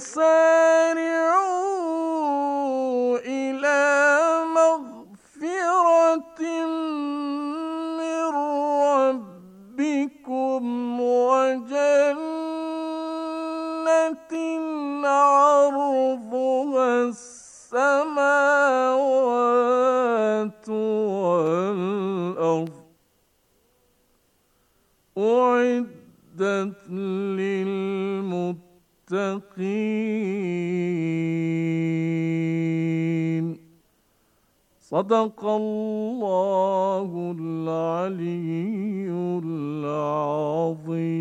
وسارعوا إلى مغفرة من ربكم وجنة عرضها السماوات والأرض أعدت لي المتقين صدق الله العلي العظيم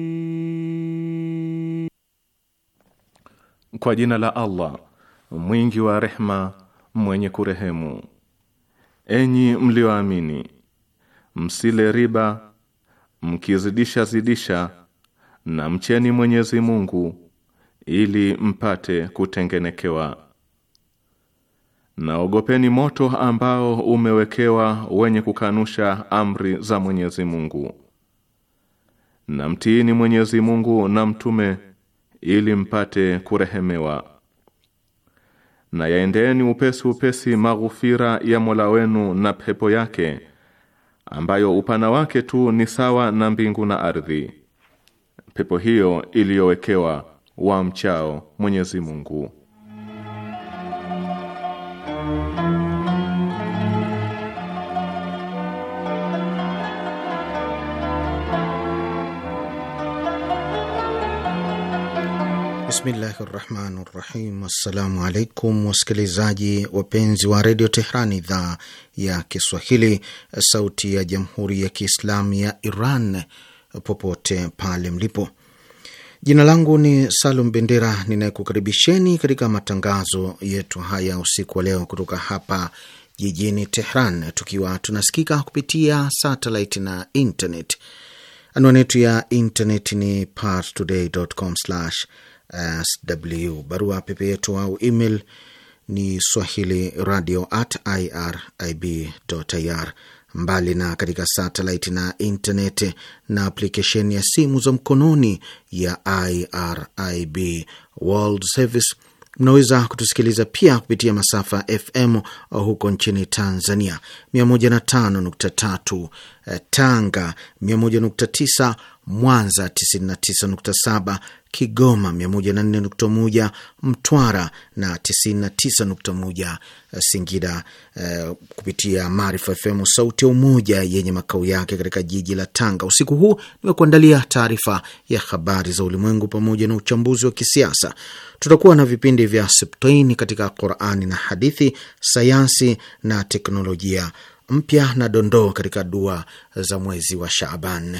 Kwa jina la Allah mwingi wa rehma mwenye kurehemu. Enyi mlioamini, msile riba, mkizidisha zidisha, na mcheni Mwenyezi Mungu ili mpate kutengenekewa. Naogopeni moto ambao umewekewa wenye kukanusha amri za Mwenyezi Mungu. Na mtiini Mwenyezi Mungu na mtume ili mpate kurehemewa. Na yaendeni upesi upesi maghufira ya Mola wenu na pepo yake ambayo upana wake tu ni sawa na mbingu na ardhi. Pepo hiyo iliyowekewa wa mchao Mwenyezi Mungu. Bismillahi rahmani rahim. Assalamu alaikum wasikilizaji wapenzi wa redio Tehran, idhaa ya Kiswahili, sauti ya jamhuri ya Kiislamu ya Iran, popote pale mlipo. Jina langu ni Salum Bendera, ninayekukaribisheni katika matangazo yetu haya usiku wa leo kutoka hapa jijini Tehran, tukiwa tunasikika kupitia satellite na internet. Anwani yetu ya internet ni parstoday.com/sw. Barua pepe yetu au email ni swahili radio at irib.ir mbali na katika satellite na intaneti na aplikesheni ya simu za mkononi ya IRIB World Service. Mnaweza kutusikiliza pia kupitia masafa FM huko nchini Tanzania 105.3 Eh, Tanga 101.9, Mwanza 99.7, Kigoma 104.1, Mtwara na 99.1 eh, Singida, eh, kupitia Maarifa FM sauti ya Umoja yenye makao yake katika jiji la Tanga. Usiku huu nimekuandalia taarifa ya habari za ulimwengu pamoja na uchambuzi wa kisiasa. Tutakuwa na vipindi vya septaini katika Qurani na hadithi, sayansi na teknolojia mpya na dondoo katika dua za mwezi wa Shaaban.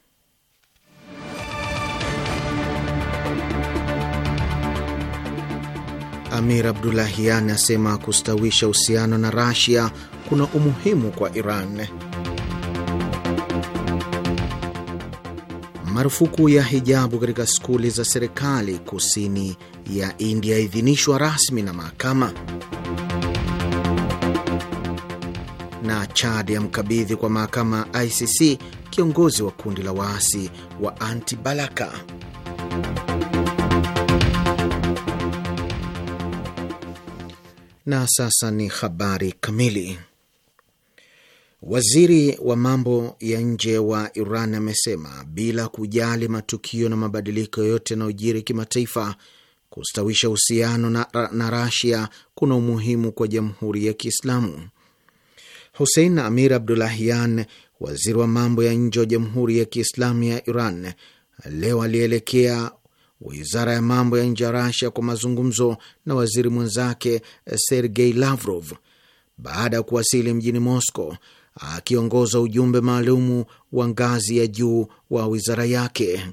Amir Abdulahian asema kustawisha uhusiano na Rasia kuna umuhimu kwa Iran. Marufuku ya hijabu katika skuli za serikali kusini ya India idhinishwa rasmi na mahakama. Na Chad ya mkabidhi kwa mahakama ICC kiongozi wa kundi la waasi wa antibalaka Na sasa ni habari kamili. Waziri wa mambo ya nje wa Iran amesema bila kujali matukio na mabadiliko yote yanayojiri kimataifa, kustawisha uhusiano na, na Rasia kuna umuhimu kwa Jamhuri ya Kiislamu. husein Amir Abdulahian, waziri wa mambo ya nje wa Jamhuri ya Kiislamu ya Iran, leo alielekea wizara ya mambo ya nje ya Rasia kwa mazungumzo na waziri mwenzake Sergei Lavrov baada ya kuwasili mjini Moscow akiongoza ujumbe maalumu wa ngazi ya juu wa wizara yake.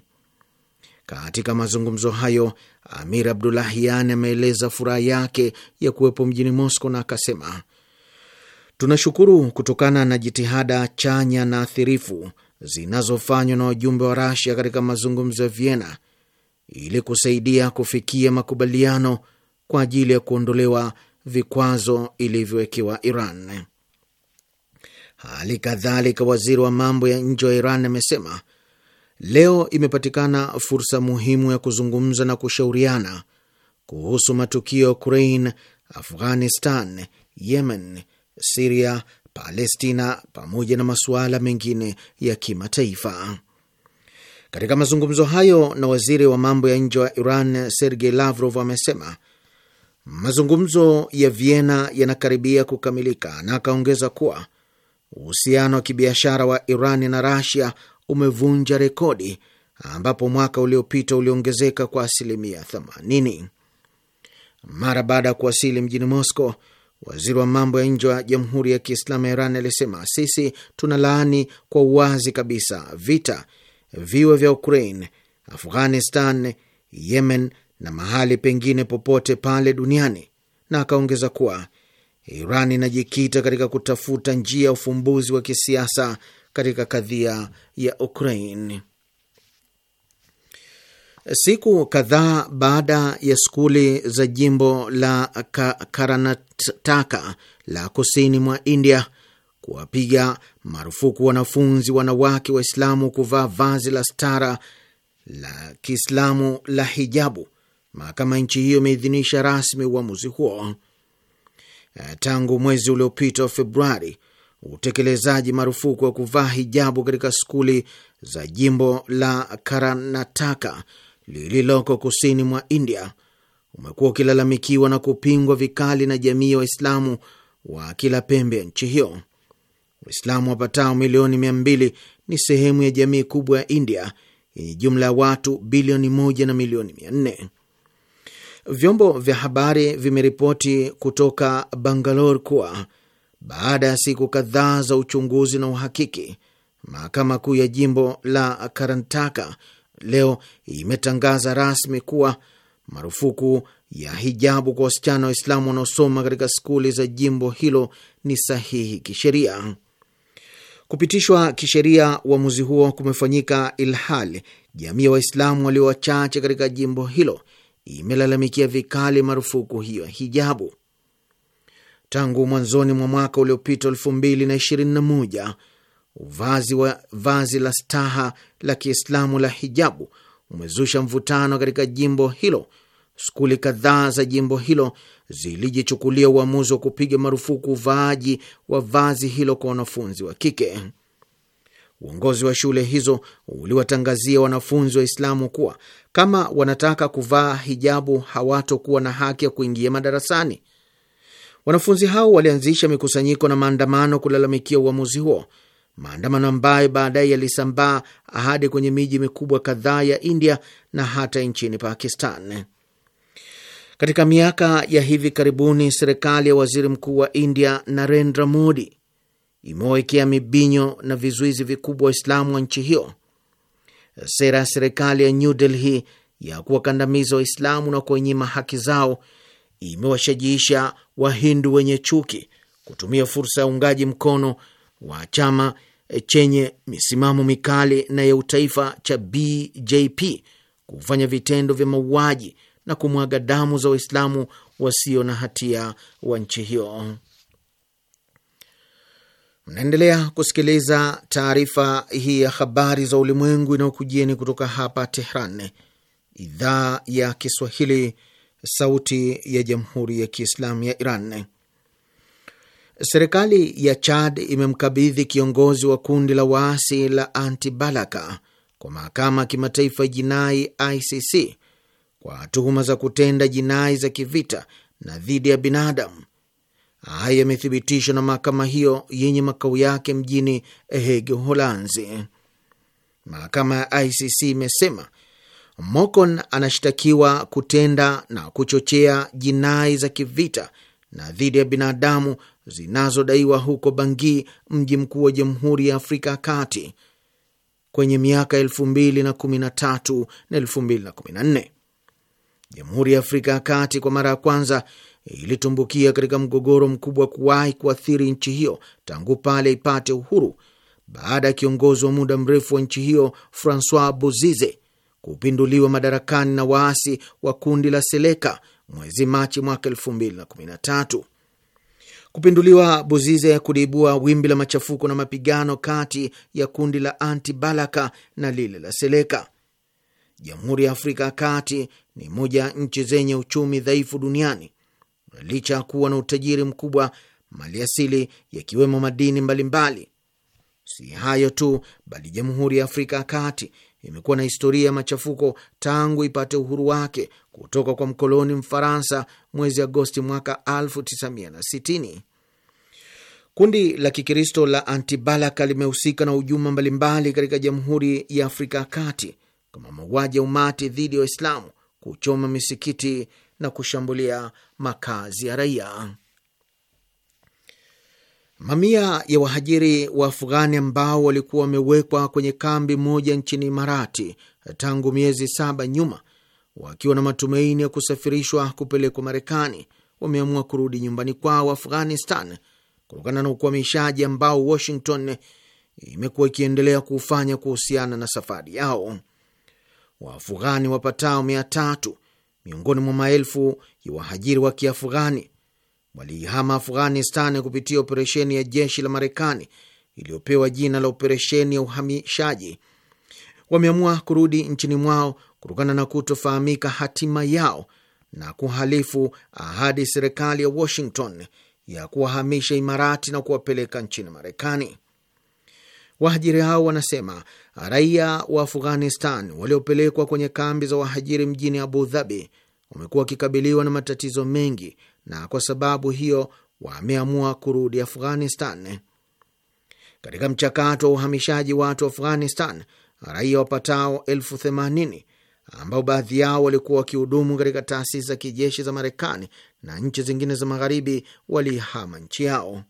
Katika mazungumzo hayo, Amir Abdulahian ameeleza furaha yake ya kuwepo mjini Moscow na akasema, tunashukuru kutokana na jitihada chanya na athirifu zinazofanywa na wajumbe wa Rasia katika mazungumzo ya Vienna ili kusaidia kufikia makubaliano kwa ajili ya kuondolewa vikwazo ilivyowekewa Iran. Hali kadhalika, waziri wa mambo ya nje wa Iran amesema leo imepatikana fursa muhimu ya kuzungumza na kushauriana kuhusu matukio ya Ukraine, Afghanistan, Yemen, Siria, Palestina pamoja na masuala mengine ya kimataifa. Katika mazungumzo hayo na waziri wa mambo ya nje wa Iran Sergei Lavrov amesema mazungumzo ya Vienna yanakaribia kukamilika, na akaongeza kuwa uhusiano wa kibiashara wa Iran na Rasia umevunja rekodi ambapo mwaka uliopita uliongezeka kwa asilimia 80. Mara baada ya kuwasili mjini Moscow, waziri wa mambo ya nje wa Jamhuri ya Kiislamu ya Iran alisema, sisi tuna laani kwa uwazi kabisa vita viwe vya Ukraine, Afghanistan, Yemen na mahali pengine popote pale duniani, na akaongeza kuwa Iran inajikita katika kutafuta njia ya ufumbuzi wa kisiasa katika kadhia ya Ukraine. Siku kadhaa baada ya skuli za jimbo la Karnataka la kusini mwa India kuwapiga marufuku wanafunzi wanawake Waislamu kuvaa vazi la stara la Kiislamu la hijabu. Mahakama ya nchi hiyo imeidhinisha rasmi uamuzi huo eh, tangu mwezi uliopita wa Februari. Utekelezaji marufuku wa kuvaa hijabu katika skuli za jimbo la Karnataka lililoko kusini mwa India umekuwa ukilalamikiwa na kupingwa vikali na jamii ya Waislamu wa kila pembe ya nchi hiyo. Waislamu wapatao milioni mia mbili ni sehemu ya jamii kubwa ya India yenye jumla ya watu bilioni moja na milioni mia nne. Vyombo vya habari vimeripoti kutoka Bangalore kuwa baada ya siku kadhaa za uchunguzi na uhakiki, mahakama kuu ya jimbo la Karnataka leo imetangaza rasmi kuwa marufuku ya hijabu kwa wasichana Waislamu wanaosoma katika skuli za jimbo hilo ni sahihi kisheria. Kupitishwa kisheria uamuzi huo kumefanyika ilhali jamii ya Waislamu walio wachache katika jimbo hilo imelalamikia vikali marufuku hiyo hijabu. Tangu mwanzoni mwa mwaka uliopita 221 Vazi, uvazi wa vazi la staha la Kiislamu la hijabu umezusha mvutano katika jimbo hilo Skuli kadhaa za jimbo hilo zilijichukulia uamuzi wa kupiga marufuku uvaaji wa vazi hilo kwa wanafunzi wa kike. Uongozi wa shule hizo uliwatangazia wanafunzi Waislamu kuwa kama wanataka kuvaa hijabu hawatokuwa na haki ya kuingia madarasani. Wanafunzi hao walianzisha mikusanyiko na maandamano kulalamikia uamuzi huo, maandamano ambayo baadaye yalisambaa hadi kwenye miji mikubwa kadhaa ya India na hata nchini Pakistan. Katika miaka ya hivi karibuni, serikali ya waziri mkuu wa India Narendra Modi imewawekea mibinyo na vizuizi vikubwa Waislamu wa nchi hiyo. Sera ya serikali ya New Delhi ya kuwakandamiza Waislamu na kuwanyima haki zao imewashajiisha Wahindu wenye chuki kutumia fursa ya uungaji mkono wa chama chenye misimamo mikali na ya utaifa cha BJP kufanya vitendo vya mauaji na kumwaga damu za Waislamu wasio na hatia wa nchi hiyo. Mnaendelea kusikiliza taarifa hii ya habari za ulimwengu inayokujieni kutoka hapa Tehran, idhaa ya Kiswahili, sauti ya jamhuri ya kiislamu ya Iran. Serikali ya Chad imemkabidhi kiongozi wa kundi la waasi la Anti Balaka kwa mahakama ya kimataifa jinai ICC kwa tuhuma za kutenda jinai za kivita na dhidi ya binadamu. Haya yamethibitishwa na mahakama hiyo yenye makao yake mjini Hege, Uholanzi. Mahakama ya ICC imesema Mocon anashtakiwa kutenda na kuchochea jinai za kivita na dhidi ya binadamu zinazodaiwa huko bangi mji mkuu wa Jamhuri ya Afrika ya Kati kwenye miaka elfu mbili na kumi na tatu na elfu mbili na kumi na nne. Jamhuri ya Afrika ya Kati kwa mara ya kwanza ilitumbukia katika mgogoro mkubwa kuwahi kuathiri nchi hiyo tangu pale ipate uhuru baada ya kiongozi wa muda mrefu wa nchi hiyo Francois Bozize kupinduliwa madarakani na waasi wa kundi la Seleka mwezi Machi mwaka 2013. Kupinduliwa Bozize kuliibua wimbi la machafuko na mapigano kati ya kundi la Anti Balaka na lile la Seleka. Jamhuri ya Afrika ya Kati ni moja ya nchi zenye uchumi dhaifu duniani licha ya kuwa na utajiri mkubwa maliasili yakiwemo madini mbalimbali mbali. Si hayo tu, bali Jamhuri ya Afrika ya Kati imekuwa na historia ya machafuko tangu ipate uhuru wake kutoka kwa mkoloni Mfaransa mwezi Agosti mwaka 1960. Kundi la Kikristo la Antibalaka limehusika na hujuma mbalimbali katika Jamhuri ya Afrika ya Kati kama mauaji ya umati dhidi ya Waislamu, kuchoma misikiti na kushambulia makazi ya raia. Mamia ya wahajiri wa Afghani ambao walikuwa wamewekwa kwenye kambi moja nchini Imarati tangu miezi saba nyuma, wakiwa na matumaini ya kusafirishwa kupelekwa Marekani, wameamua kurudi nyumbani kwao Afghanistan kutokana na ukwamishaji ambao Washington imekuwa ikiendelea kuufanya kuhusiana na safari yao. Afughani wapatao mia tatu miongoni mwa maelfu ya wahajiri wa Kiafughani waliihama Afghanistani kupitia operesheni ya jeshi la Marekani iliyopewa jina la operesheni ya uhamishaji. Wameamua kurudi nchini mwao kutokana na kutofahamika hatima yao na kuhalifu ahadi serikali ya Washington ya kuwahamisha Imarati na kuwapeleka nchini Marekani. Wahajiri hao wanasema raia wa Afghanistan waliopelekwa kwenye kambi za wahajiri mjini Abu Dhabi wamekuwa wakikabiliwa na matatizo mengi, na kwa sababu hiyo wameamua kurudi Afghanistan. Katika mchakato wa uhamishaji watu wa Afghanistan, raia wapatao elfu themanini ambao baadhi yao walikuwa wakihudumu katika taasisi za kijeshi za Marekani na nchi zingine za Magharibi walihama nchi yao.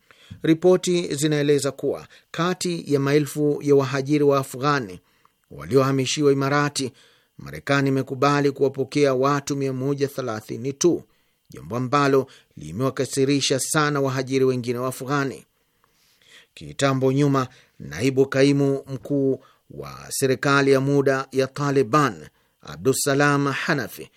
Ripoti zinaeleza kuwa kati ya maelfu ya wahajiri wa Afghani waliohamishiwa Imarati, Marekani imekubali kuwapokea watu 130 tu, jambo ambalo limewakasirisha sana wahajiri wengine wa Afghani. Kitambo nyuma, naibu kaimu mkuu wa serikali ya muda ya Taliban Abdusalam Hanafi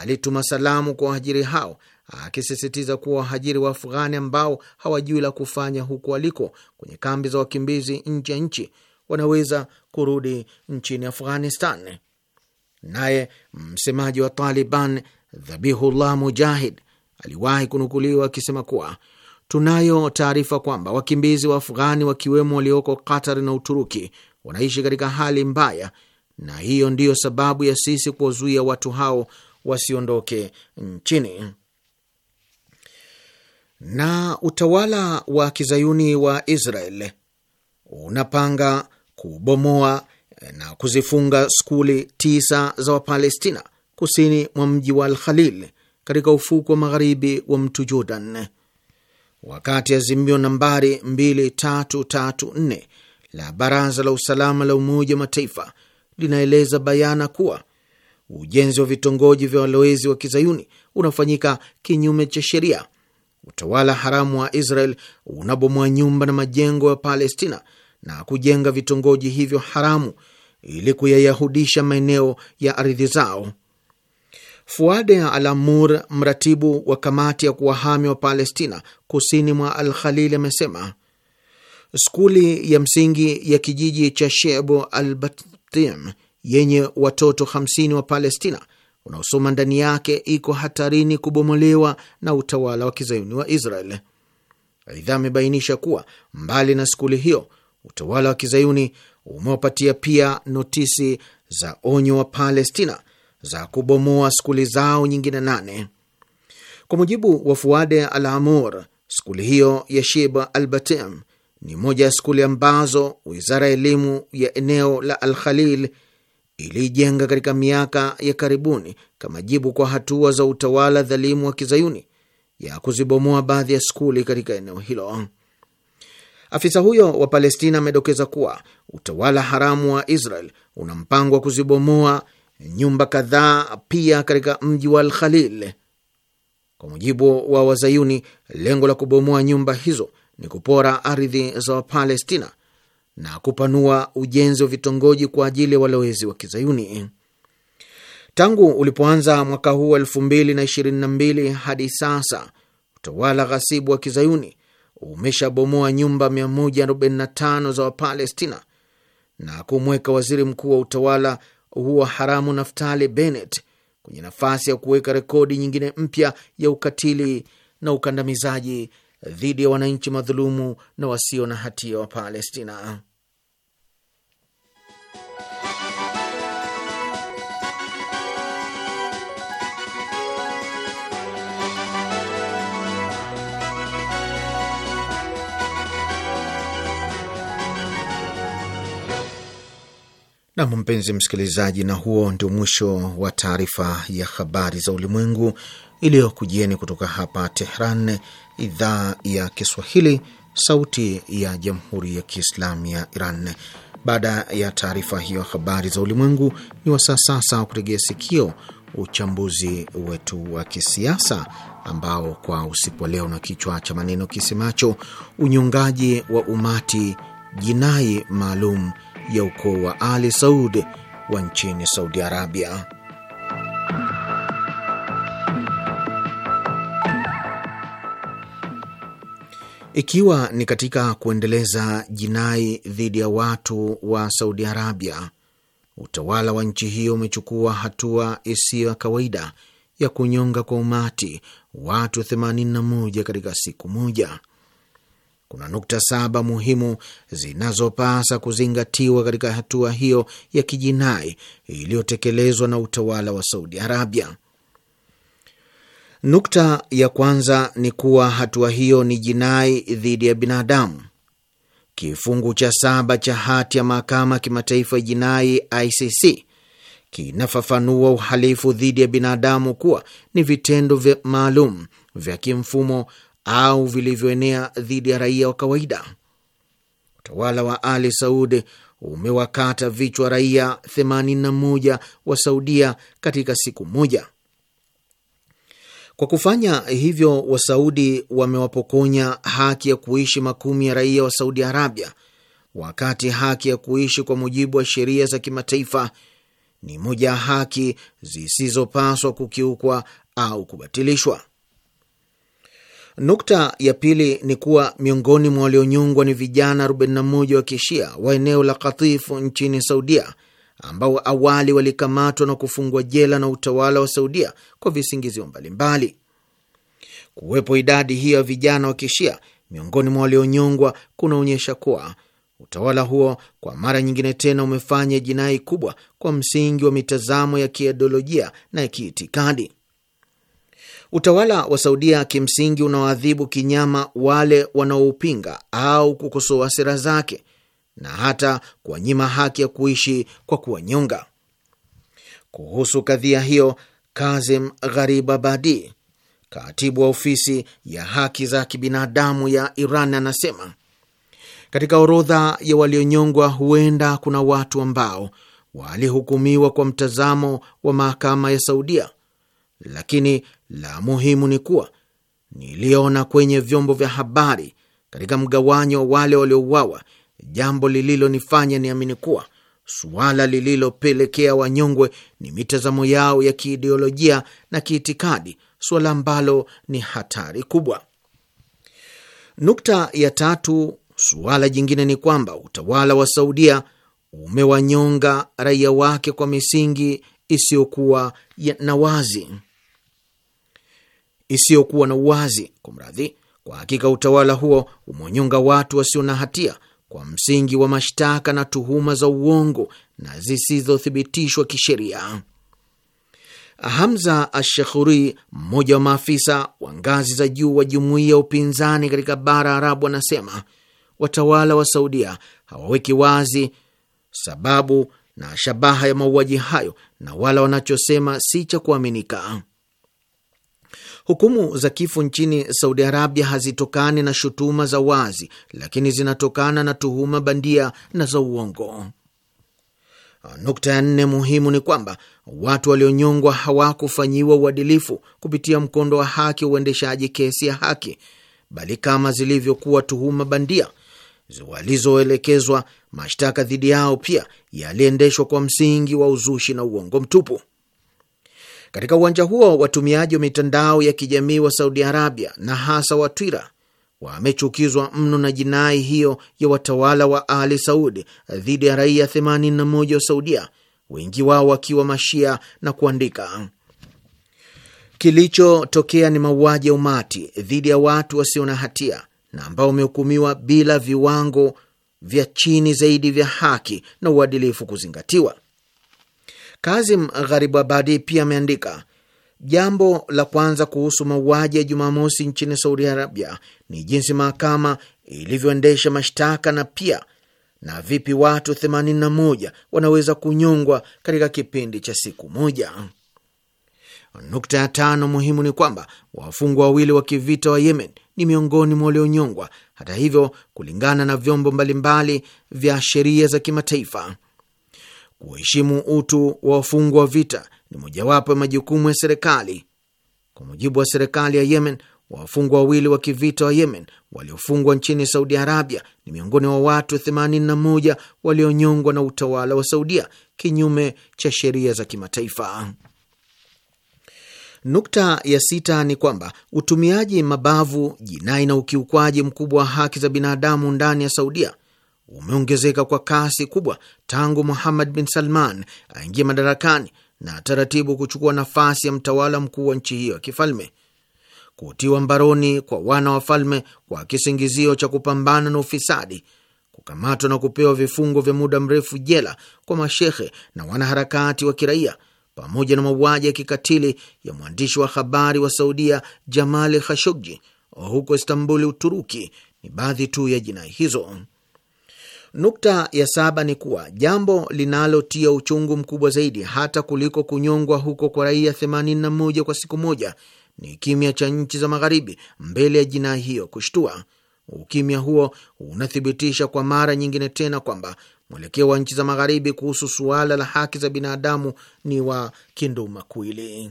alituma salamu kwa wahajiri hao akisisitiza kuwa wahajiri wa Afghani ambao hawajui la kufanya huku waliko kwenye kambi za wakimbizi nje ya nchi wanaweza kurudi nchini Afghanistan. Naye msemaji wa Taliban Dhabihullah Mujahid aliwahi kunukuliwa akisema kuwa tunayo taarifa kwamba wakimbizi wa Afghani wakiwemo walioko Qatar na Uturuki wanaishi katika hali mbaya, na hiyo ndiyo sababu ya sisi kuwazuia watu hao wasiondoke nchini na utawala wa kizayuni wa Israel unapanga kubomoa na kuzifunga skuli tisa za Wapalestina kusini mwa mji wa Alkhalil katika ufuko wa magharibi wa mtu Jordan, wakati azimio nambari 2334 la Baraza la Usalama la Umoja wa Mataifa linaeleza bayana kuwa ujenzi wa vitongoji vya walowezi wa kizayuni unafanyika kinyume cha sheria utawala haramu wa Israel unabomoa nyumba na majengo ya Palestina na kujenga vitongoji hivyo haramu ili kuyayahudisha maeneo ya ardhi zao. Fuade ya Alamur, mratibu wa kamati ya kuwahami wa Palestina kusini mwa Al Khalil, amesema skuli ya msingi ya kijiji cha Shebu Al Batim yenye watoto 50 wa Palestina unaosoma ndani yake iko hatarini kubomolewa na utawala wa kizayuni wa Israel. Aidha, amebainisha kuwa mbali na skuli hiyo, utawala wa kizayuni umewapatia pia notisi za onyo wa Palestina za kubomoa skuli zao nyingine nane. Kwa mujibu wa Fuade Al Amur, skuli hiyo ya Shib Al Batem ni moja ya skuli ambazo wizara ya elimu ya eneo la Al Khalil iliijenga katika miaka ya karibuni kama jibu kwa hatua za utawala dhalimu wa kizayuni ya kuzibomoa baadhi ya skuli katika eneo hilo. Afisa huyo wa Palestina amedokeza kuwa utawala haramu wa Israel una mpango wa kuzibomoa nyumba kadhaa pia katika mji wa Al-Khalil. Kwa mujibu wa Wazayuni, lengo la kubomoa nyumba hizo ni kupora ardhi za Wapalestina na kupanua ujenzi wa vitongoji kwa ajili ya walowezi wa Kizayuni. Tangu ulipoanza mwaka huu elfu mbili na ishirini na mbili hadi sasa utawala ghasibu wa Kizayuni umeshabomoa nyumba 145 za Wapalestina na kumweka waziri mkuu wa utawala huo haramu Naftali Bennett kwenye nafasi ya kuweka rekodi nyingine mpya ya ukatili na ukandamizaji dhidi ya wananchi madhulumu na wasio na hatia wa Palestina. Nam, mpenzi msikilizaji, na huo ndio mwisho wa taarifa ya habari za ulimwengu iliyokujieni kutoka hapa Tehran, idhaa ya Kiswahili, sauti ya jamhuri ya kiislamu ya Iran. Baada ya taarifa hiyo habari za ulimwengu, ni wasaa sasa wa kutegea sikio uchambuzi wetu wa kisiasa ambao kwa usiku wa leo na kichwa cha maneno kisemacho unyongaji wa umati, jinai maalum ya ukoo wa Ali Saud wa nchini Saudi Arabia. Ikiwa ni katika kuendeleza jinai dhidi ya watu wa Saudi Arabia, utawala wa nchi hiyo umechukua hatua isiyo ya kawaida ya kunyonga kwa umati watu 81 katika siku moja. Kuna nukta saba muhimu zinazopasa kuzingatiwa katika hatua hiyo ya kijinai iliyotekelezwa na utawala wa Saudi Arabia. Nukta ya kwanza ni kuwa hatua hiyo ni jinai dhidi ya binadamu. Kifungu cha saba cha hati ya mahakama ya kimataifa ya jinai ICC kinafafanua uhalifu dhidi ya binadamu kuwa ni vitendo maalum vya kimfumo au vilivyoenea dhidi ya raia wa kawaida. Utawala wa Ali Saudi umewakata vichwa raia 81 wa Saudia katika siku moja. Kwa kufanya hivyo, Wasaudi wamewapokonya haki ya kuishi makumi ya raia wa Saudi Arabia, wakati haki ya kuishi kwa mujibu wa sheria za kimataifa ni moja ya haki zisizopaswa kukiukwa au kubatilishwa. Nukta ya pili ni kuwa miongoni mwa walionyongwa ni vijana 41 wa kishia wa eneo la Katifu nchini Saudia, ambao awali walikamatwa na kufungwa jela na utawala wa Saudia kwa visingizio mbalimbali. Kuwepo idadi hiyo ya vijana wa kishia miongoni mwa walionyongwa kunaonyesha kuwa utawala huo kwa mara nyingine tena umefanya jinai kubwa kwa msingi wa mitazamo ya kiideolojia na ya kiitikadi. Utawala wa Saudia kimsingi unawaadhibu kinyama wale wanaoupinga au kukosoa sera zake na hata kuwanyima haki ya kuishi kwa kuwanyonga. Kuhusu kadhia hiyo, Kazim Abadi, katibu wa ofisi ya haki za kibinadamu ya Iran, anasema katika orodha ya walionyongwa huenda kuna watu ambao walihukumiwa kwa mtazamo wa mahakama ya Saudia, lakini la muhimu ni kuwa niliona kwenye vyombo vya habari katika mgawanyo wa wale waliouawa, jambo lililonifanya niamini kuwa suala lililopelekea wanyongwe ni mitazamo yao ya kiideolojia na kiitikadi, suala ambalo ni hatari kubwa. Nukta ya tatu, suala jingine ni kwamba utawala wa Saudia umewanyonga raia wake kwa misingi isiyokuwa na wazi isiyokuwa na uwazi. Kumradhi, kwa hakika utawala huo umewanyonga watu wasio na hatia kwa msingi wa mashtaka na tuhuma za uongo na zisizothibitishwa kisheria. Hamza Ashakhuri, mmoja wa maafisa wa ngazi za juu wa jumuiya ya upinzani katika bara Arabu, anasema watawala wa Saudia hawaweki wazi sababu na shabaha ya mauaji hayo na wala wanachosema si cha kuaminika. Hukumu za kifo nchini Saudi Arabia hazitokani na shutuma za wazi, lakini zinatokana na tuhuma bandia na za uongo. Nukta ya nne muhimu ni kwamba watu walionyongwa hawakufanyiwa uadilifu kupitia mkondo wa haki wa uendeshaji kesi ya haki, bali kama zilivyokuwa tuhuma bandia walizoelekezwa, mashtaka dhidi yao pia yaliendeshwa kwa msingi wa uzushi na uongo mtupu. Katika uwanja huo, watumiaji wa mitandao ya kijamii wa Saudi Arabia na hasa wa Twitter wamechukizwa mno na jinai hiyo ya watawala wa Ali Saudi dhidi ya raia 81 wa Saudia, wengi wao wakiwa Mashia, na kuandika kilichotokea ni mauaji ya umati dhidi ya watu wasio na hatia na ambao wamehukumiwa bila viwango vya chini zaidi vya haki na uadilifu kuzingatiwa. Kazim abadi pia ameandika jambo la kwanza kuhusu mauaji ya Jumamosi nchini Saudi Arabia ni jinsi mahakama ilivyoendesha mashtaka na pia na vipi watu 81 wanaweza kunyongwa katika kipindi cha siku moja. Nukta ya tano muhimu ni kwamba wafungwa wawili wa kivita wa Yemen ni miongoni mwa walionyongwa. Hata hivyo, kulingana na vyombo mbalimbali vya sheria za kimataifa Kuheshimu utu wa wafungwa wa vita ni mojawapo ya majukumu ya serikali. Kwa mujibu wa serikali ya Yemen, wafungwa wawili wa kivita wa Yemen waliofungwa nchini Saudi Arabia ni miongoni mwa watu 81 walionyongwa na utawala wa Saudia kinyume cha sheria za kimataifa. Nukta ya sita ni kwamba utumiaji mabavu, jinai na ukiukwaji mkubwa wa haki za binadamu ndani ya Saudia umeongezeka kwa kasi kubwa tangu Muhammad bin Salman aingia madarakani na taratibu kuchukua nafasi ya mtawala mkuu wa nchi hiyo ya kifalme. Kutiwa mbaroni kwa wana wafalme kwa kisingizio cha kupambana na ufisadi, kukamatwa na kupewa vifungo vya muda mrefu jela kwa mashehe na wanaharakati wa kiraia, pamoja na mauaji ya kikatili ya mwandishi wa habari wa Saudia Jamal Khashoggi huko Istanbuli, Uturuki, ni baadhi tu ya jinai hizo. Nukta ya saba ni kuwa jambo linalotia uchungu mkubwa zaidi hata kuliko kunyongwa huko kwa raia 81 kwa siku moja ni kimya cha nchi za Magharibi mbele ya jinai hiyo kushtua. Ukimya huo unathibitisha kwa mara nyingine tena kwamba mwelekeo wa nchi za Magharibi kuhusu suala la haki za binadamu ni wa kindumakuwili.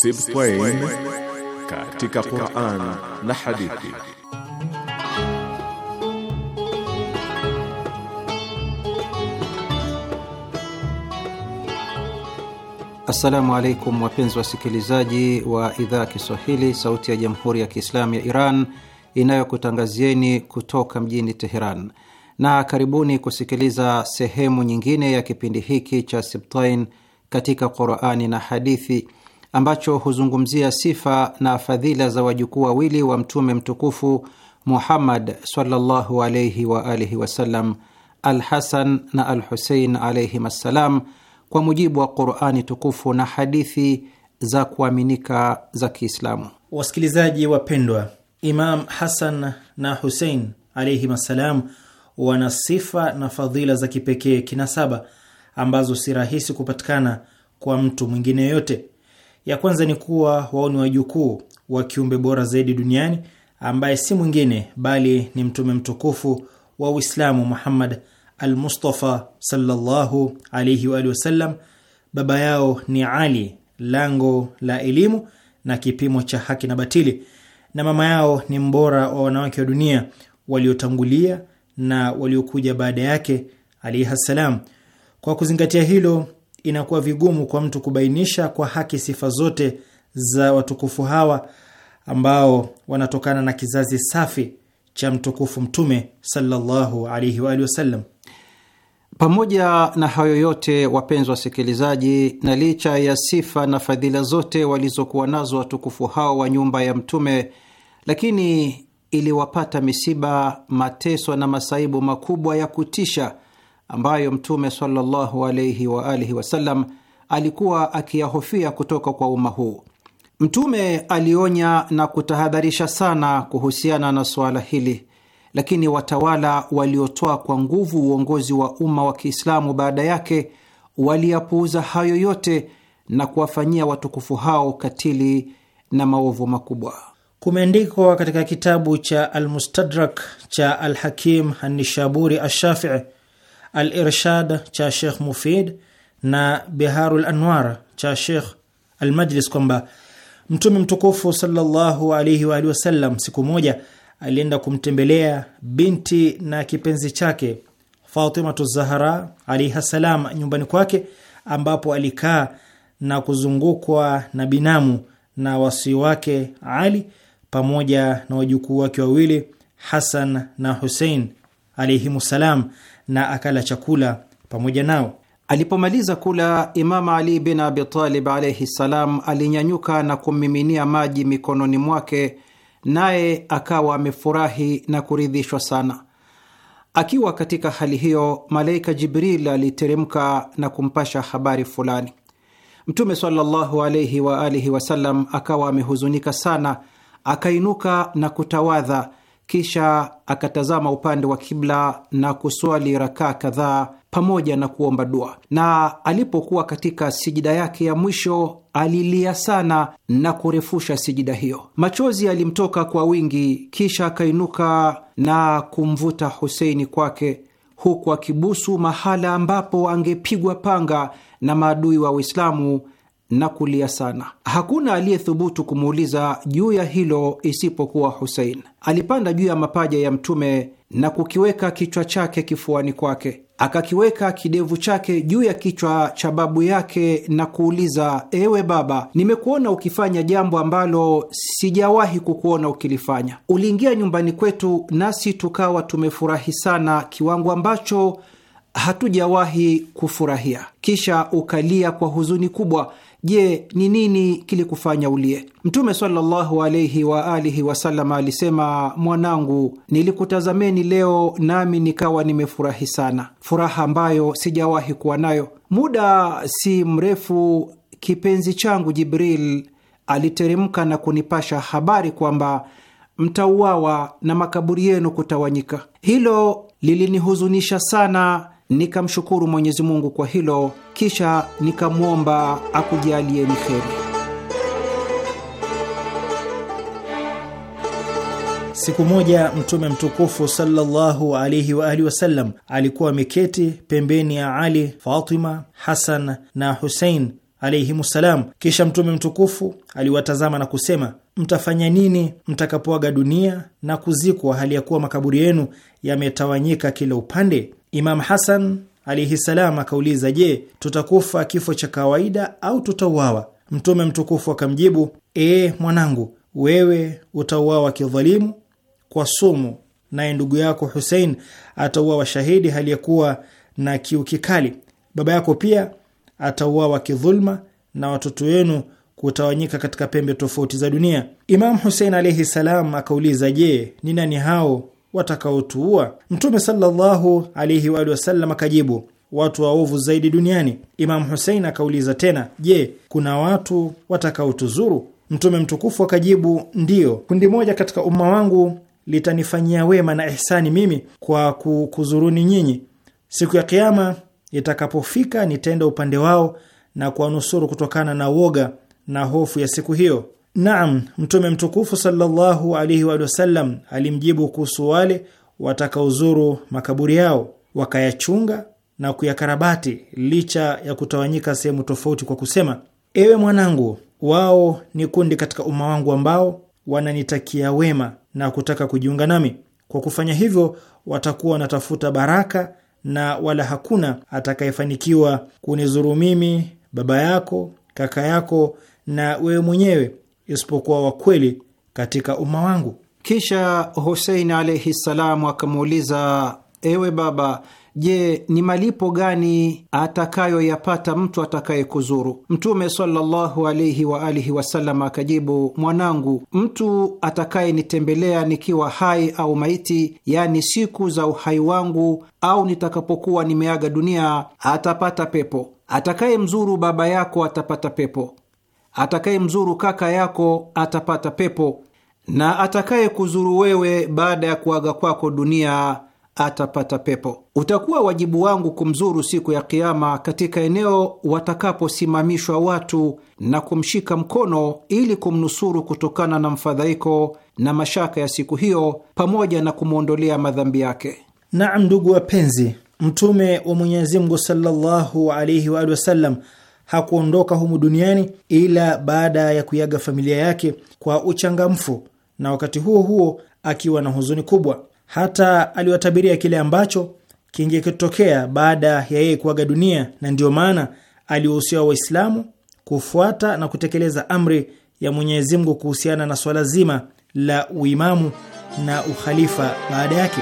Sibtain katika Qur'an na hadithi. Assalamu alaikum wapenzi wasikilizaji wa idhaa Kiswahili sauti ya Jamhuri ya Kiislamu ya Iran inayokutangazieni kutoka mjini Teheran na karibuni kusikiliza sehemu nyingine ya kipindi hiki cha Sibtain katika Qur'ani na hadithi ambacho huzungumzia sifa na fadhila za wajukuu wawili wa mtume mtukufu Muhammad sallallahu alayhi wa alihi wasallam, al Hasan na al Husein alayhim assalam, kwa mujibu wa Qurani tukufu na hadithi za kuaminika za Kiislamu. Wasikilizaji wapendwa, Imam Hasan na Husein alayhim assalam wana sifa na fadhila za kipekee kinasaba ambazo si rahisi kupatikana kwa mtu mwingine yoyote. Ya kwanza ni kuwa wao ni wajukuu wa kiumbe bora zaidi duniani ambaye si mwingine bali ni mtume mtukufu wa Uislamu Muhammad al-Mustafa sallallahu alayhi wa alihi wasallam. Baba yao ni Ali, lango la elimu na kipimo cha haki na batili, na mama yao ni mbora wa wanawake wa dunia waliotangulia na waliokuja baada yake alayhi salam. Kwa kuzingatia hilo inakuwa vigumu kwa mtu kubainisha kwa haki sifa zote za watukufu hawa ambao wanatokana na kizazi safi cha mtukufu Mtume sallallahu alaihi waalihi wasallam. Pamoja na hayo yote, wapenzi wasikilizaji, na licha ya sifa na fadhila zote walizokuwa nazo watukufu hao wa nyumba ya Mtume, lakini iliwapata misiba, mateso na masaibu makubwa ya kutisha ambayo Mtume sallallahu alaihi wa alihi wasallam alikuwa akiyahofia kutoka kwa umma huu. Mtume alionya na kutahadharisha sana kuhusiana na suala hili, lakini watawala waliotoa kwa nguvu uongozi wa umma wa Kiislamu baada yake waliyapuuza hayo yote na kuwafanyia watukufu hao katili na maovu makubwa. Kumeandikwa katika kitabu cha Almustadrak cha Alhakim Anishaburi Ashafii Al-Irshad cha Sheikh Mufid na Biharul Anwar cha Sheikh Al-Majlis kwamba Mtume mtukufu sallallahu alaihi wa alihi wasallam siku moja alienda kumtembelea binti na kipenzi chake Fatimatu Zahra alaiha salam nyumbani kwake, ambapo alikaa na kuzungukwa na binamu na wasii wake Ali pamoja na wajukuu wake wawili Hasan na Husein alaihimu salam na akala chakula pamoja nao. Alipomaliza kula, Imamu Ali bin Abitalib alaihi salam alinyanyuka na kummiminia maji mikononi mwake, naye akawa amefurahi na kuridhishwa sana. Akiwa katika hali hiyo, malaika Jibril aliteremka na kumpasha habari fulani. Mtume sallallahu alaihi wasallam akawa amehuzunika sana, akainuka na kutawadha kisha akatazama upande wa kibla na kuswali rakaa kadhaa pamoja na kuomba dua. Na alipokuwa katika sijida yake ya mwisho, alilia sana na kurefusha sijida hiyo. Machozi yalimtoka kwa wingi, kisha akainuka na kumvuta Huseini kwake huku akibusu mahala ambapo angepigwa panga na maadui wa Uislamu na kulia sana. Hakuna aliyethubutu kumuuliza juu ya hilo isipokuwa Husein. Alipanda juu ya mapaja ya Mtume na kukiweka kichwa chake kifuani kwake, akakiweka kidevu chake juu ya kichwa cha babu yake na kuuliza, ewe baba, nimekuona ukifanya jambo ambalo sijawahi kukuona ukilifanya. Uliingia nyumbani kwetu, nasi tukawa tumefurahi sana kiwango ambacho hatujawahi kufurahia. Kisha ukalia kwa huzuni kubwa Je, ni nini kilikufanya ulie? Mtume sallallahu alaihi wa alihi wasallam alisema, mwanangu, nilikutazameni leo nami nikawa nimefurahi sana, furaha ambayo sijawahi kuwa nayo. Muda si mrefu, kipenzi changu Jibril aliteremka na kunipasha habari kwamba mtauawa na makaburi yenu kutawanyika. Hilo lilinihuzunisha sana nikamshukuru Mwenyezi Mungu kwa hilo, kisha nikamwomba akujalieni kheri. Siku moja Mtume mtukufu sallallahu alaihi wa alihi wasallam alikuwa ameketi pembeni ya Ali, Fatima, Hasan na Husein alaihimussalam. Kisha Mtume mtukufu aliwatazama na kusema, mtafanya nini mtakapoaga dunia na kuzikwa, hali ya kuwa makaburi yenu yametawanyika kila upande? Imam Hasan alaihi salam akauliza, je, tutakufa kifo cha kawaida au tutauawa? Mtume mtukufu akamjibu, ee mwanangu, wewe utauawa kidhalimu kwa sumu, naye ndugu yako Husein atauawa shahidi hali ya kuwa na kiu kikali. Baba yako pia atauawa kidhulma na watoto wenu kutawanyika katika pembe tofauti za dunia. Imamu Husein alaihi salam akauliza, je, ni nani hao watakaotuua? Mtume sallallahu alaihi waalihi wasallam akajibu, watu waovu zaidi duniani. Imamu Husein akauliza tena, je, kuna watu watakaotuzuru? Mtume mtukufu akajibu, ndiyo, kundi moja katika umma wangu litanifanyia wema na ihsani mimi kwa kukuzuruni nyinyi siku ya Kiama itakapofika nitenda upande wao na kuwanusuru kutokana na woga na hofu ya siku hiyo. Naam, Mtume mtukufu sallallahu alaihi wa sallam alimjibu kuhusu wale watakaozuru makaburi yao wakayachunga na kuyakarabati licha ya kutawanyika sehemu tofauti, kwa kusema: ewe mwanangu, wao ni kundi katika umma wangu ambao wananitakia wema na kutaka kujiunga nami. Kwa kufanya hivyo, watakuwa wanatafuta baraka na wala hakuna atakayefanikiwa kunizuru mimi, baba yako, kaka yako na wewe mwenyewe, isipokuwa wakweli katika umma wangu. Kisha Husein alaihi salamu akamuuliza, ewe baba Je, ni malipo gani atakayoyapata mtu atakayekuzuru? Mtume sallallahu alaihi wa alihi wasallam akajibu, mwanangu, mtu atakayenitembelea nikiwa hai au maiti, yaani siku za uhai wangu au nitakapokuwa nimeaga dunia, atapata pepo. Atakayemzuru baba yako atapata pepo, atakayemzuru kaka yako atapata pepo, na atakayekuzuru wewe baada ya kuaga kwako dunia atapata pepo. Utakuwa wajibu wangu kumzuru siku ya Kiama katika eneo watakaposimamishwa watu na kumshika mkono ili kumnusuru kutokana na mfadhaiko na mashaka ya siku hiyo, pamoja na kumwondolea madhambi yake. Naam, ndugu wapenzi, Mtume wa Mwenyezi Mungu sallallahu alaihi waalihi wasallam hakuondoka humu duniani ila baada ya kuiaga familia yake kwa uchangamfu, na wakati huo huo akiwa na huzuni kubwa. Hata aliwatabiria kile ambacho kingekitokea baada ya yeye kuaga dunia, na ndiyo maana aliwahusia Waislamu kufuata na kutekeleza amri ya Mwenyezi Mungu kuhusiana na swala zima la uimamu na ukhalifa baada yake.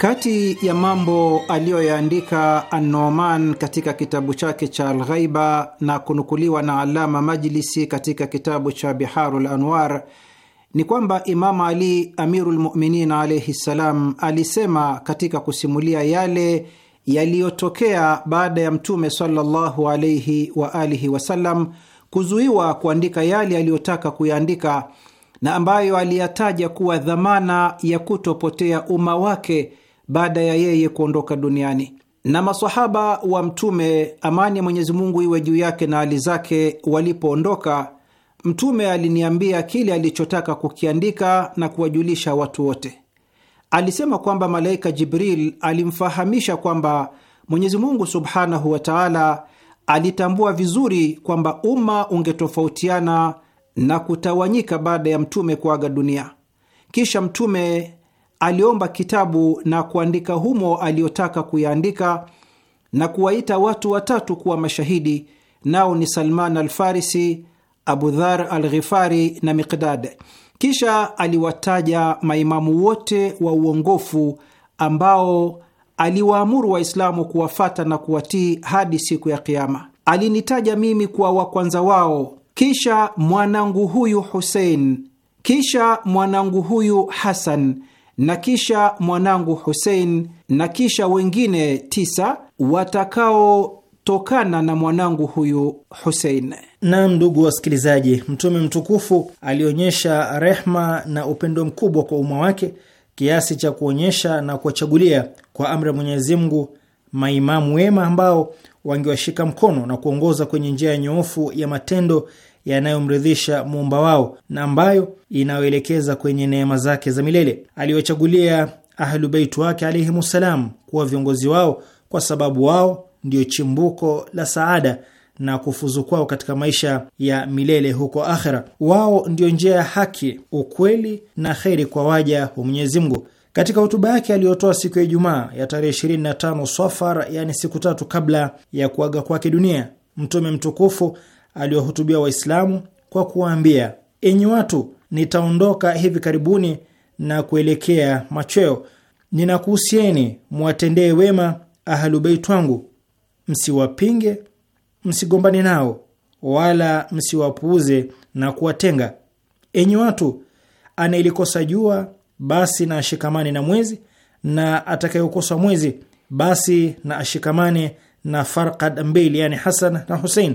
Kati ya mambo aliyoyaandika Anoman katika kitabu chake cha Alghaiba na kunukuliwa na Alama Majlisi katika kitabu cha Biharul Anwar ni kwamba Imamu Ali Amirul Muminin alaihi ssalam alisema katika kusimulia yale yaliyotokea baada ya Mtume sallallahu alaihi alihi wasallam kuzuiwa kuandika yale aliyotaka kuyaandika na ambayo aliyataja kuwa dhamana ya kutopotea umma wake baada ya yeye kuondoka duniani. Na masahaba wa Mtume, amani ya Mwenyezi Mungu iwe juu yake na hali zake, walipoondoka, Mtume aliniambia kile alichotaka kukiandika na kuwajulisha watu wote. Alisema kwamba malaika Jibril alimfahamisha kwamba Mwenyezi Mungu subhanahu wa taala alitambua vizuri kwamba umma ungetofautiana na kutawanyika baada ya mtume kuaga dunia. Kisha mtume aliomba kitabu na kuandika humo aliyotaka kuyaandika na kuwaita watu watatu kuwa mashahidi, nao ni Salman Alfarisi, Abu Dhar Alghifari na Miqdad. Kisha aliwataja maimamu wote wa uongofu ambao aliwaamuru Waislamu kuwafata na kuwatii hadi siku ya Kiama. Alinitaja mimi kuwa wa kwanza wao, kisha mwanangu huyu Husein, kisha mwanangu huyu Hasan na kisha mwanangu Husein na kisha wengine tisa watakaotokana na mwanangu huyu Husein. Naam, ndugu wasikilizaji, Mtume mtukufu alionyesha rehma na upendo mkubwa kwa umma wake kiasi cha kuonyesha na kuwachagulia kwa amri ya Mwenyezi Mungu maimamu wema ambao wangewashika mkono na kuongoza kwenye njia ya nyoofu ya matendo yanayomridhisha muumba wao na ambayo inayoelekeza kwenye neema zake za milele Aliwachagulia ahlubeit wake alaihimussalam kuwa viongozi wao, kwa sababu wao ndio chimbuko la saada na kufuzu kwao katika maisha ya milele huko akhira. Wao ndio njia ya haki, ukweli na kheri kwa waja wa Mwenyezi Mungu. Katika hotuba yake aliyotoa siku ya Ijumaa ya tarehe 25 Safar, yani siku tatu kabla ya kuaga kwake dunia, Mtume mtukufu aliwahutubia Waislamu kwa kuwaambia, enyi watu, nitaondoka hivi karibuni na kuelekea machweo. Ninakuhusieni mwatendee wema ahlubeit wangu, msiwapinge, msigombane nao, wala msiwapuuze na kuwatenga. Enyi watu, anayelikosa jua basi na ashikamane na mwezi, na atakayekosa mwezi basi na ashikamane na farqad mbili, yani Hasan na Husein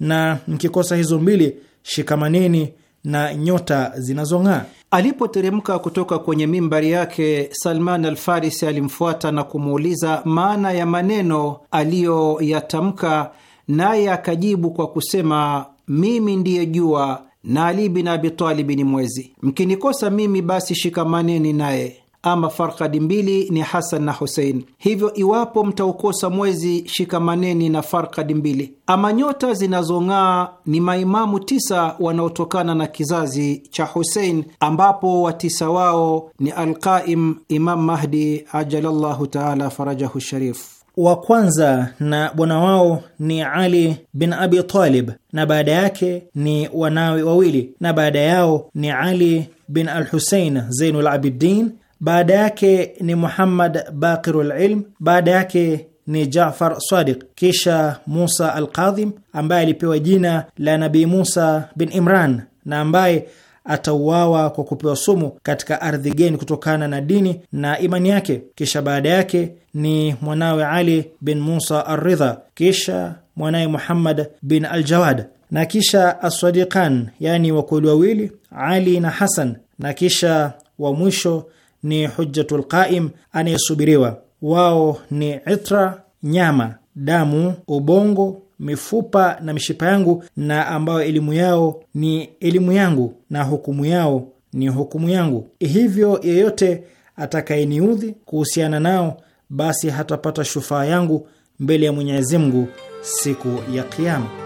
na mkikosa hizo mbili, shikamaneni na nyota zinazong'aa. Alipoteremka kutoka kwenye mimbari yake, Salman Alfarisi alimfuata na kumuuliza maana ya maneno aliyoyatamka, naye akajibu kwa kusema, mimi ndiye jua na Ali bin Abitalibi ni mwezi. Mkinikosa mimi, basi shikamaneni naye ama Farkadi mbili ni Hasan na Husein. Hivyo iwapo mtaukosa mwezi, shikamaneni na Farkadi mbili. Ama nyota zinazong'aa ni maimamu tisa wanaotokana na kizazi cha Husein, ambapo watisa wao ni Alqaim Imam Mahdi ajalallahu taala farajahu sharif wa kwanza na bwana wao ni Ali bin Abi Talib, na baada yake ni wanawe wawili, na baada yao ni Ali bin Al Husein Zainul Abidin baada yake ni Muhammad Baqirul Ilm, baada yake ni Jafar Sadiq, kisha Musa Alqadhim ambaye alipewa jina la Nabii Musa bin Imran na ambaye atauawa kwa kupewa sumu katika ardhi geni kutokana na dini na imani yake. Kisha baada yake ni mwanawe Ali bin Musa Arridha, kisha mwanawe Muhammad bin Aljawad, na kisha Aswadiqan, yaani wakweli wawili, Ali na Hasan, na kisha wa mwisho ni Hujjatul Qaim anayesubiriwa. Wao ni itra, nyama, damu, ubongo, mifupa na mishipa yangu, na ambayo elimu yao ni elimu yangu na hukumu yao ni hukumu yangu. Hivyo yeyote atakayeniudhi kuhusiana nao, basi hatapata shufaa yangu mbele ya Mwenyezi Mungu siku ya Kiama.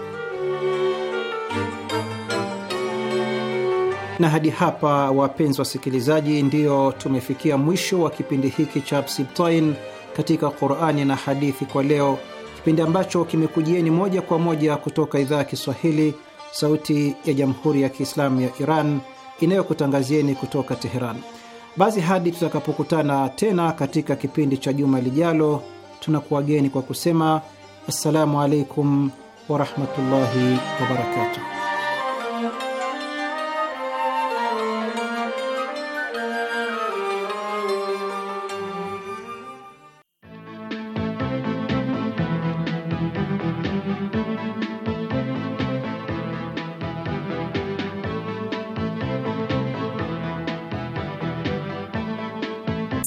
Na hadi hapa, wapenzi wasikilizaji, ndiyo tumefikia mwisho wa kipindi hiki cha psiptoin katika Qurani na hadithi kwa leo, kipindi ambacho kimekujieni moja kwa moja kutoka idhaa ya Kiswahili, Sauti ya Jamhuri ya Kiislamu ya Iran inayokutangazieni kutoka Teheran. Basi hadi tutakapokutana tena katika kipindi cha juma lijalo, tunakuwageni kwa kusema assalamu alaikum warahmatullahi wabarakatuh.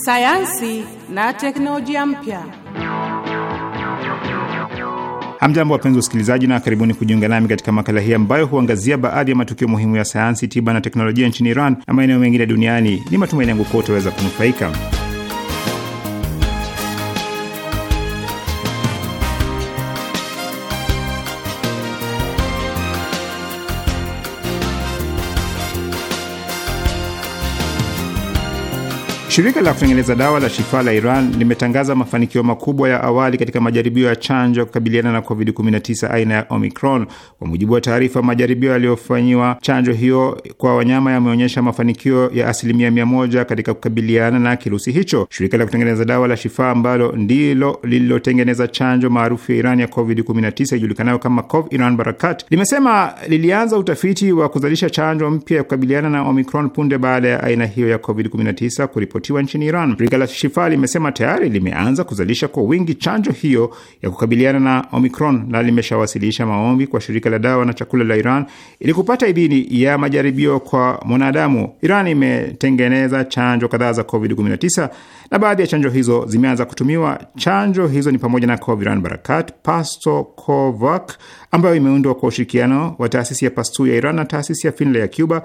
sayansi na teknolojia mpya. Hamjambo, wapenzi wasikilizaji, na karibuni kujiunga nami katika makala hii ambayo huangazia baadhi ya matukio muhimu ya sayansi, tiba na teknolojia nchini Iran na maeneo mengine duniani. Ni matumaini yangu kuwa utaweza kunufaika. Shirika la kutengeneza dawa la Shifa la Iran limetangaza mafanikio makubwa ya awali katika majaribio ya chanjo ya kukabiliana na COVID-19 aina ya Omicron. Kwa mujibu wa taarifa, majaribio yaliyofanyiwa chanjo hiyo kwa wanyama yameonyesha mafanikio ya asilimia mia moja katika kukabiliana na kirusi hicho. Shirika la kutengeneza dawa la Shifa ambalo ndilo lililotengeneza chanjo maarufu ya Iran ya COVID-19 ijulikanayo kama Cov Iran Barakat limesema lilianza utafiti wa kuzalisha chanjo mpya ya kukabiliana na Omicron punde baada ya aina hiyo ya COVID-19 kuripoti kuripotiwa nchini Iran. Shirika la Shifa limesema tayari limeanza kuzalisha kwa wingi chanjo hiyo ya kukabiliana na Omicron na limeshawasilisha maombi kwa shirika la dawa na chakula la Iran ili kupata idhini ya majaribio kwa mwanadamu. Iran imetengeneza chanjo kadhaa za COVID-19 na baadhi ya chanjo hizo zimeanza kutumiwa. Chanjo hizo ni pamoja na Coviran Barakat, Covac ambayo imeundwa kwa ushirikiano wa taasisi ya Pastu ya Iran na taasisi ya Finlay ya Cuba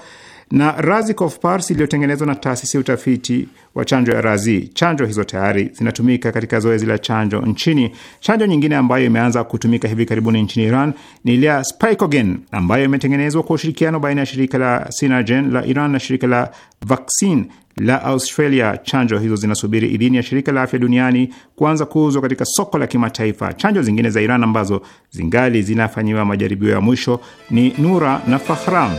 na Razik Pars iliyotengenezwa na taasisi ya utafiti wa chanjo ya Razi. Chanjo hizo tayari zinatumika katika zoezi la chanjo nchini. Chanjo nyingine ambayo imeanza kutumika hivi karibuni nchini Iran ni ile ya Spikogen ambayo imetengenezwa kwa ushirikiano baina ya shirika la Sinagen la Iran na shirika la Vaccine la Australia. Chanjo hizo zinasubiri idhini ya shirika la afya duniani kuanza kuuzwa katika soko la kimataifa. Chanjo zingine za Iran ambazo zingali zinafanyiwa majaribio ya mwisho ni Nura na Fahram.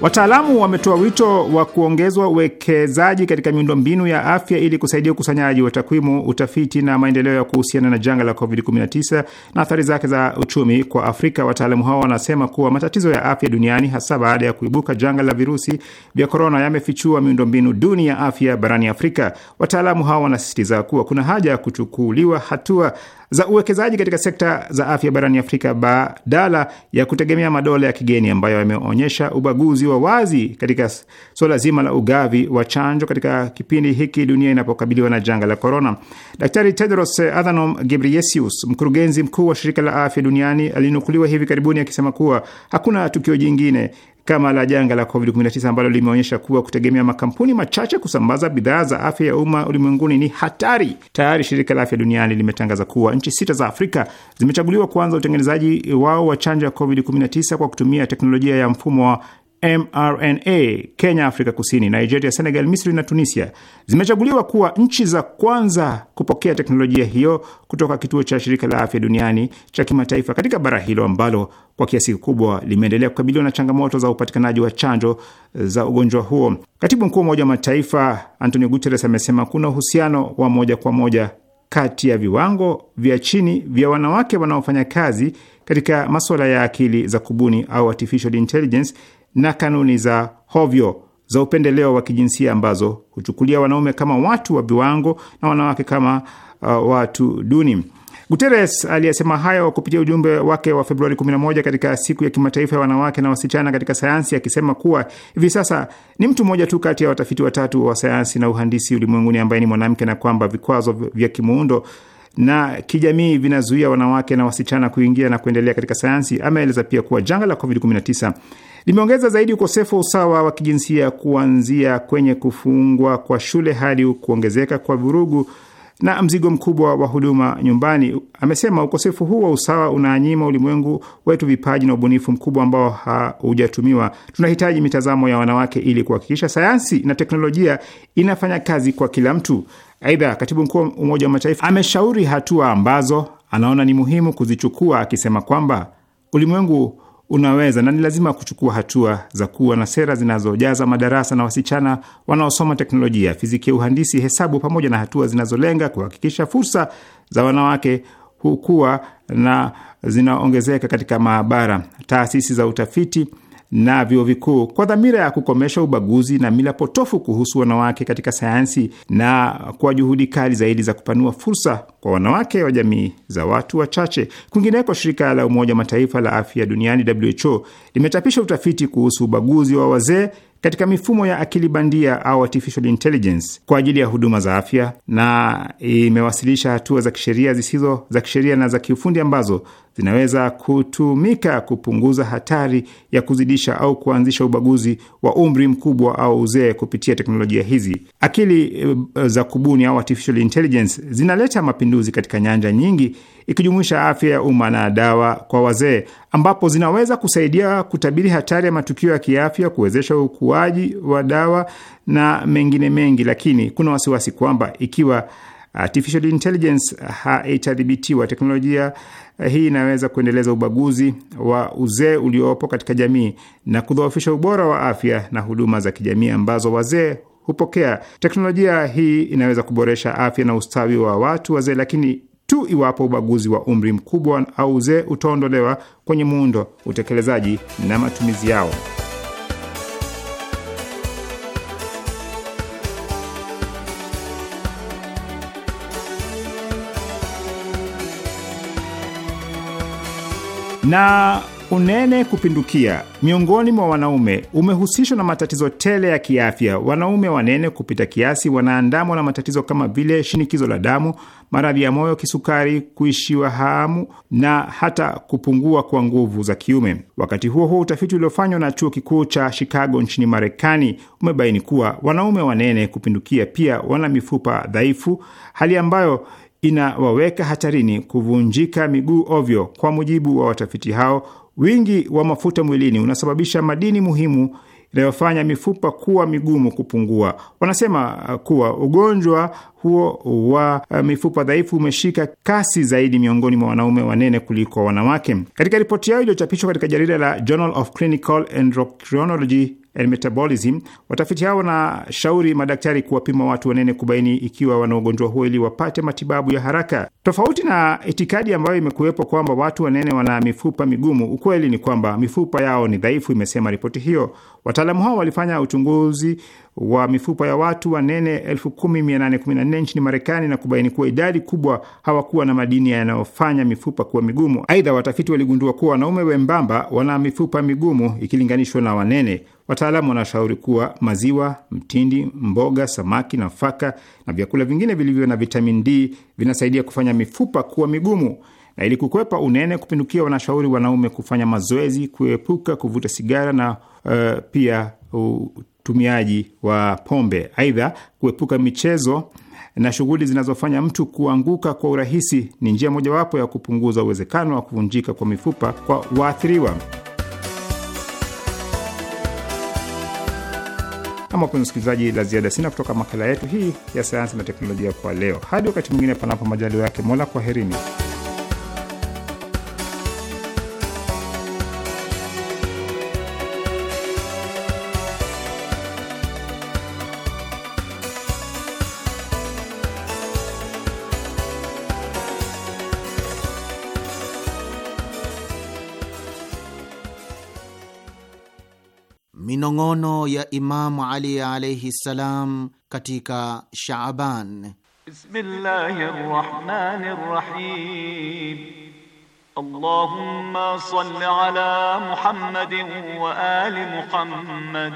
Wataalamu wametoa wito wa kuongezwa uwekezaji katika miundombinu ya afya ili kusaidia ukusanyaji wa takwimu, utafiti na maendeleo ya kuhusiana na janga la COVID-19 na athari zake za uchumi kwa Afrika. Wataalamu hao wanasema kuwa matatizo ya afya duniani, hasa baada ya kuibuka janga la virusi vya korona, yamefichua miundombinu duni ya afya barani Afrika. Wataalamu hao wanasisitiza kuwa kuna haja ya kuchukuliwa hatua za uwekezaji katika sekta za afya barani Afrika badala ya kutegemea madola ya kigeni ambayo yameonyesha ubaguzi wa wazi katika suala zima la ugavi wa chanjo katika kipindi hiki dunia inapokabiliwa na janga la korona. Daktari Tedros Adhanom Ghebreyesus, mkurugenzi mkuu wa shirika la afya duniani, alinukuliwa hivi karibuni akisema kuwa hakuna tukio jingine kama la janga la COVID-19 ambalo limeonyesha kuwa kutegemea makampuni machache kusambaza bidhaa za afya ya umma ulimwenguni ni hatari. Tayari shirika la afya duniani limetangaza kuwa nchi sita za Afrika zimechaguliwa kuanza utengenezaji wao wa chanjo ya COVID-19 kwa kutumia teknolojia ya mfumo wa mRNA Kenya, Afrika Kusini, Nigeria, Senegal, Misri na Tunisia zimechaguliwa kuwa nchi za kwanza kupokea teknolojia hiyo kutoka kituo cha shirika la afya duniani cha kimataifa katika bara hilo ambalo kwa kiasi kikubwa limeendelea kukabiliwa na changamoto za upatikanaji wa chanjo za ugonjwa huo. Katibu mkuu wa Umoja wa Mataifa Antonio Guterres amesema kuna uhusiano wa moja kwa moja kati ya viwango vya chini vya wanawake wanaofanya kazi katika masuala ya akili za kubuni au artificial intelligence na kanuni za hovyo za upendeleo wa kijinsia ambazo huchukulia wanaume kama watu wa viwango na wanawake kama uh, watu duni. Guterres aliyesema hayo kupitia ujumbe wake wa Februari 11 katika siku ya kimataifa ya wanawake na wasichana katika sayansi, akisema kuwa hivi sasa ni mtu mmoja tu kati ya watafiti watatu wa sayansi na uhandisi ulimwenguni ambaye ni mwanamke na kwamba vikwazo vya kimuundo na kijamii vinazuia wanawake na wasichana kuingia na kuendelea katika sayansi. Ameeleza pia kuwa janga la COVID-19 limeongeza zaidi ukosefu wa usawa wa kijinsia, kuanzia kwenye kufungwa kwa shule hadi kuongezeka kwa vurugu na mzigo mkubwa wa huduma nyumbani. Amesema ukosefu huu wa usawa unaanyima ulimwengu wetu vipaji na ubunifu mkubwa ambao haujatumiwa. Tunahitaji mitazamo ya wanawake ili kuhakikisha sayansi na teknolojia inafanya kazi kwa kila mtu. Aidha, katibu mkuu wa Umoja wa Mataifa ameshauri hatua ambazo anaona ni muhimu kuzichukua, akisema kwamba ulimwengu unaweza na ni lazima kuchukua hatua za kuwa na sera zinazojaza madarasa na wasichana wanaosoma teknolojia, fizikia, uhandisi, hesabu, pamoja na hatua zinazolenga kuhakikisha fursa za wanawake hukua na zinaongezeka katika maabara, taasisi za utafiti na vyuo vikuu kwa dhamira ya kukomesha ubaguzi na mila potofu kuhusu wanawake katika sayansi na kwa juhudi kali zaidi za kupanua fursa kwa wanawake wa jamii za watu wachache. Kwingineko, shirika la Umoja wa Mataifa la afya duniani WHO limechapisha utafiti kuhusu ubaguzi wa wazee katika mifumo ya akili bandia au artificial intelligence kwa ajili ya huduma za afya, na imewasilisha hatua za kisheria, zisizo za kisheria na za kiufundi ambazo zinaweza kutumika kupunguza hatari ya kuzidisha au kuanzisha ubaguzi wa umri mkubwa au uzee kupitia teknolojia hizi. Akili eh, za kubuni au artificial intelligence zinaleta mapinduzi katika nyanja nyingi ikijumuisha afya ya umma na dawa kwa wazee, ambapo zinaweza kusaidia kutabiri hatari ya matukio ya kiafya, kuwezesha ukuaji wa dawa na mengine mengi. Lakini kuna wasiwasi kwamba ikiwa artificial intelligence haitadhibitiwa, teknolojia eh, hii inaweza kuendeleza ubaguzi wa uzee uliopo katika jamii na kudhoofisha ubora wa afya na huduma za kijamii ambazo wazee hupokea. Teknolojia hii inaweza kuboresha afya na ustawi wa watu wazee, lakini tu iwapo ubaguzi wa umri mkubwa au uzee utaondolewa kwenye muundo, utekelezaji na matumizi yao. na unene kupindukia miongoni mwa wanaume umehusishwa na matatizo tele ya kiafya. Wanaume wanene kupita kiasi wanaandamwa na matatizo kama vile shinikizo la damu, maradhi ya moyo, kisukari, kuishiwa hamu na hata kupungua kwa nguvu za kiume. Wakati huo huo, utafiti uliofanywa na chuo kikuu cha Chicago nchini Marekani umebaini kuwa wanaume wanene kupindukia pia wana mifupa dhaifu, hali ambayo inawaweka hatarini kuvunjika miguu ovyo. Kwa mujibu wa watafiti hao Wingi wa mafuta mwilini unasababisha madini muhimu inayofanya mifupa kuwa migumu kupungua. Wanasema uh, kuwa ugonjwa huo wa uh, mifupa dhaifu umeshika kasi zaidi miongoni mwa wanaume wanene kuliko wanawake. Katika ripoti yao iliyochapishwa katika jarida la Journal of Clinical Endocrinology and Metabolism. Watafiti hao wanashauri madaktari kuwapima watu wanene kubaini ikiwa wana ugonjwa huo ili wapate matibabu ya haraka. Tofauti na itikadi ambayo imekuwepo kwamba watu wanene wana mifupa migumu, ukweli ni kwamba mifupa yao ni dhaifu, imesema ripoti hiyo. Wataalamu hao walifanya uchunguzi wa mifupa ya watu wanene 10814 nchini Marekani na kubaini kuwa idadi kubwa hawakuwa na madini yanayofanya mifupa kuwa migumu. Aidha, watafiti waligundua kuwa wanaume wembamba wana mifupa migumu ikilinganishwa na wanene. Wataalamu wanashauri kuwa maziwa, mtindi, mboga, samaki, nafaka na vyakula vingine vilivyo na vitamin D vinasaidia kufanya mifupa kuwa migumu. Na ili kukwepa unene kupindukia, wanashauri wanaume kufanya mazoezi, kuepuka kuvuta sigara na uh, pia utumiaji wa pombe. Aidha, kuepuka michezo na shughuli zinazofanya mtu kuanguka kwa urahisi ni njia mojawapo ya kupunguza uwezekano wa kuvunjika kwa mifupa kwa waathiriwa. Kama kwenye usikilizaji la ziada sina kutoka makala yetu hii ya sayansi na teknolojia kwa leo. Hadi wakati mwingine, panapo majaliwa yake Mola, kwaherini. maono ya Imamu Ali alaihi ssalam katika Shaaban. Bismillahi rahmani rahim. Allahumma salli ala Muhammadin wa ali Muhammad.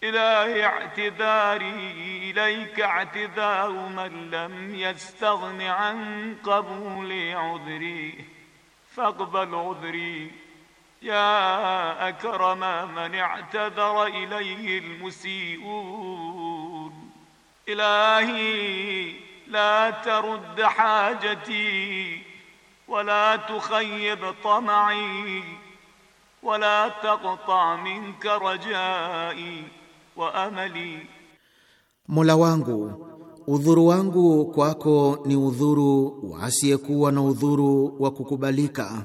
Ilahi i'tidari ilayka i'tidaru man lam yastaghni an qabuli udhri faqbal udhri ya akrama man i'tadhara ilayhi almusi'un ilahi la tarudd hajati wala tukhayyib tam'i wala taqta minka rajai wa amali, Mola wangu udhuru wangu kwako ni udhuru wasiyekuwa na udhuru wa kukubalika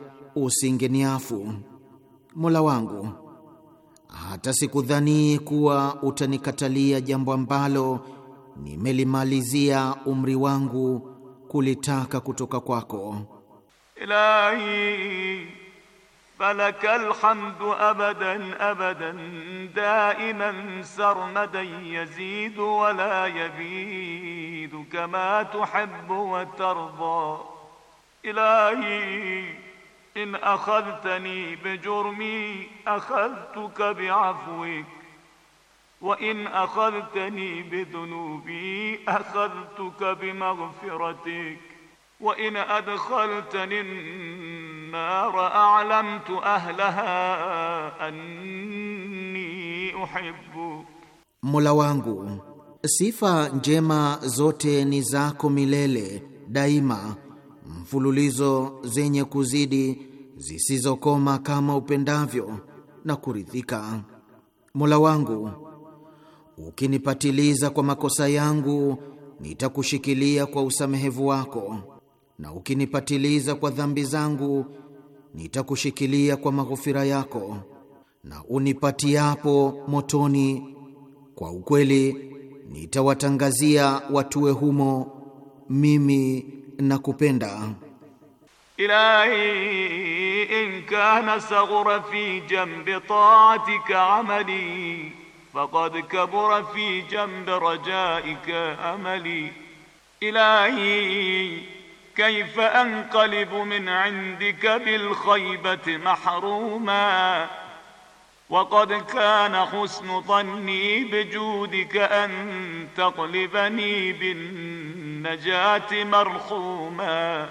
usingeniafu. Mola wangu, hata sikudhani kuwa utanikatalia jambo ambalo nimelimalizia umri wangu kulitaka kutoka kwako. Ilahi balakal hamdu abadan abadan daiman sarmadan yazidu wala yabidu kama tuhibbu wa tarda ilahi in akhadhtani bijurmi akhadhtuka bi'afwik wa in akhadhtani bidhunubi akhadhtuka bimaghfiratik wa in adkhaltani an-nar a'lamtu ahlaha anni uhibbuk, Mola wangu sifa njema zote ni zako milele daima mfululizo zenye kuzidi zisizokoma kama upendavyo na kuridhika. Mola wangu, ukinipatiliza kwa makosa yangu nitakushikilia kwa usamehevu wako, na ukinipatiliza kwa dhambi zangu nitakushikilia kwa maghofira yako, na unipatiapo motoni kwa ukweli nitawatangazia watue humo mimi nakupenda. إلهي إن كان صغر في جنب طاعتك عملي فقد كبر في جنب رجائك أملي إلهي كيف أنقلب من عندك بالخيبة محروما وقد كان حسن ظني بجودك أن تقلبني بالنجاة مرحوما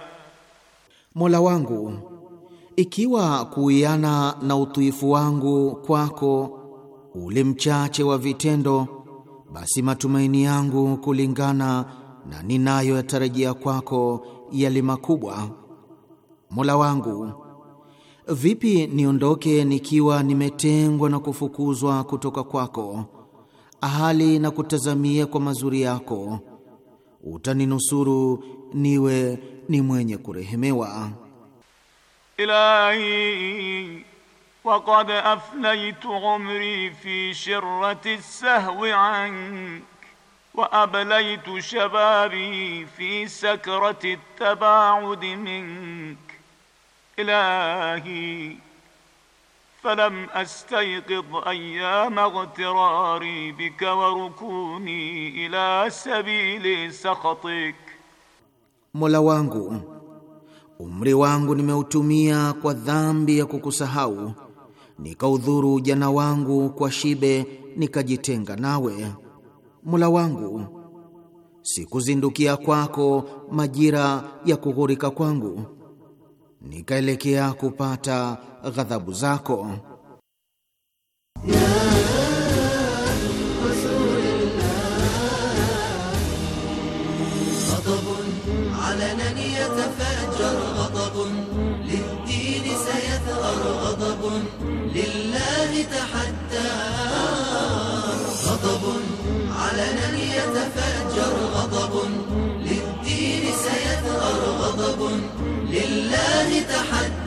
Mola wangu, ikiwa kuiana na utiifu wangu kwako ule mchache wa vitendo, basi matumaini yangu kulingana na ninayoyatarajia kwako yali makubwa. Mola wangu, vipi niondoke nikiwa nimetengwa na kufukuzwa kutoka kwako, ahali na kutazamia kwa mazuri yako. Utaninusuru niwe ni mwenye kurehemewa. Ilahi وقد أفنيت عمري في شرة السهو عنك وأبليت شبابي في سكرة التباعد منك إلهي فلم أستيقظ أيام اغتراري بك وركوني إلى سبيل سخطك Mola wangu, umri wangu nimeutumia kwa dhambi ya kukusahau, nikaudhuru jana wangu kwa shibe, nikajitenga nawe. Mola wangu, sikuzindukia kwako majira ya kughurika kwangu, nikaelekea kupata ghadhabu zako ya